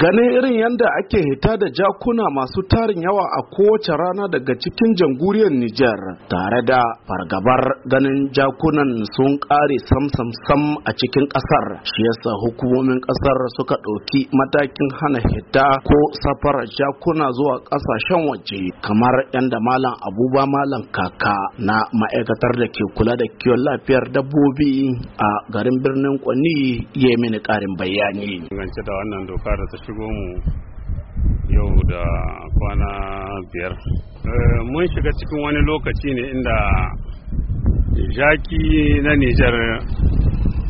ganin irin yadda ake hita da jakuna masu tarin yawa a kowace rana daga cikin jamhuriyar Nijar tare da fargabar ganin jakunan sun kare sam-sam-sam a cikin ƙasar shi yasa hukumomin ƙasar suka ɗauki matakin hana hita ko safarar jakuna zuwa ƙasashen waje kamar yadda malam abuba malam kaka na ma'aikatar da ke kula da kiwon lafiyar dabbobi a garin birnin kwani ya mini ƙarin bayani. da wannan doka da ta shigo mu yau da kwana biyar eh, mun shiga cikin wani lokaci ne inda jaki na nijar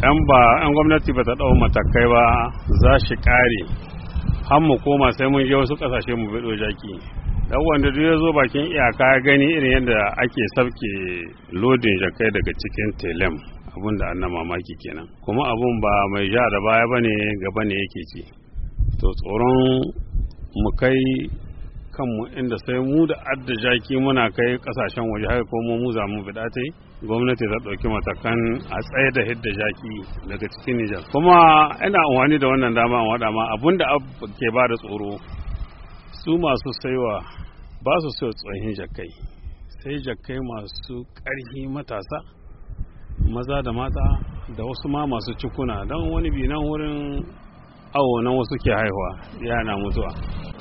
yan ba yan gwamnati ba ta ɗau matakai ba za shi ƙare har mu koma sai mun je wasu ƙasashe mu biɗo jaki dan wanda duk ya zo bakin iyaka ya gani irin yadda ake sauke lodin jakai daga cikin telem abun da annan mamaki kenan kuma abun ba mai ja da baya bane gaba ne yake ci to tsoron mu kai kanmu inda sai mu da adda jaki muna kai kasashen waje haka ko mu za mu bida ta gwamnati ta ɗauki matakan a tsaye da hidda jaki daga cikin Nijar. Kuma ina amfani da wannan dama in waɗa ma abun da ke ba da tsoro su masu saiwa ba su so tsohin jakai sai jakai masu ƙarfi matasa maza da mata da wasu ma masu cikuna don wani binan wurin awo nan wasu ke haihuwa yana mutuwa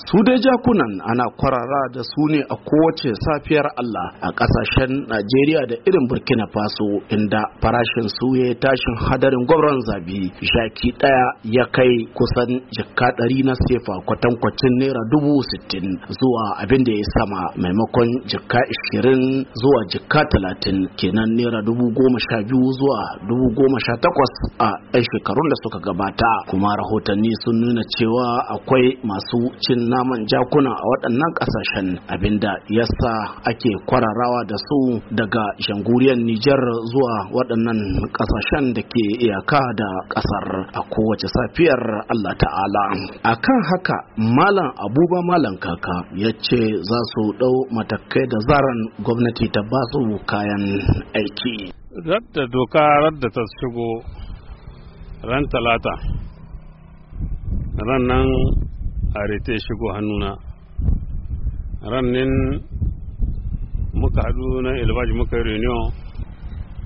su dai jakunan ana kwarara da su ne a kowace safiyar Allah a kasashen Najeriya da irin Burkina Faso inda farashin su ya tashin hadarin gwamnan zabi shaki daya ya kai kusan jikka ɗari na sefa kwatankwacin naira dubu sittin zuwa abin da ya sama maimakon jikka ishirin zuwa jikka talatin kenan naira dubu goma sha biyu zuwa dubu goma sha takwas a 'yan shekarun da suka gabata kuma rahotanni sun nuna cewa akwai masu cin naman jakuna a waɗannan ƙasashen abinda yasa ake kwararawa da su daga shanguriyar Nijar zuwa waɗannan ƙasashen da ke iyaka da ƙasar a kowace safiyar Allah ta'ala A kan haka malam abuba malam kaka ya ce za su ɗau matakai da zaran gwamnati ta ba su kayan aiki radda doka radda ta shigo ran talata ran nan arete shigo hannuna rannin muka haɗu na ilbaji muka yi reunion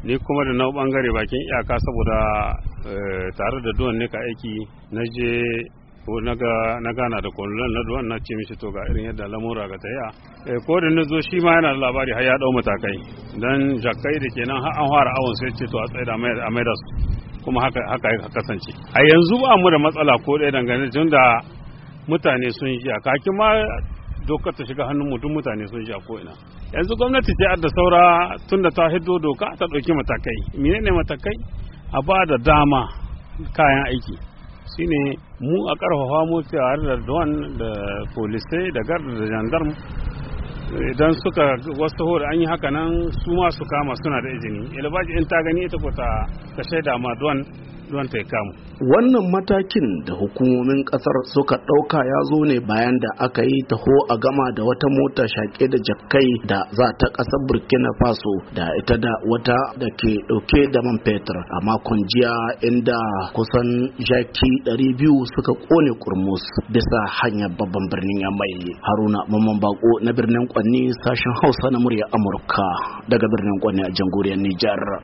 ni kuma da nau bangare bakin iyaka saboda eh, tare da duwan ne ka aiki na je na gana da kwanulan na duwan na ce mishi to irin yadda lamura ga taya eh, ko da na zo shi ma yana da labari har ya dau matakai dan jakai da kenan har an fara awon sai ce to a tsaye da a da su kuma haka haka kasance a yanzu ba mu da matsala ko ɗaya dangane tun da mutane sun a kaki ma doka ta shiga hannun mutum mutane sun sha a ko'ina yanzu gwamnati ce adda saura tun da ta hiddo doka ta ɗauki matakai menene matakai a ba da dama kayan aiki shine mu a ƙarfafa mu tare da duwan da polisai da garda da jandarmu idan suka wasu hori an yi haka nan su ma su kama suna da izini ilbaji in ta gani ita ko ta shaida ma duwan ruwanta kamu wannan matakin da hukumomin kasar suka ɗauka ya zo ne bayan da aka yi taho a gama da wata mota shaƙe da jakkai da za ta ƙasar burkina faso da ita da wata da ke ɗauke da man fetur a makon jiya inda kusan jaki 200 suka ƙone kurmus bisa hanyar babban birnin yamai haruna mamman bako na birnin kwanni sashen hausa na murya amurka daga birnin kwanni a jamhuriyar nijar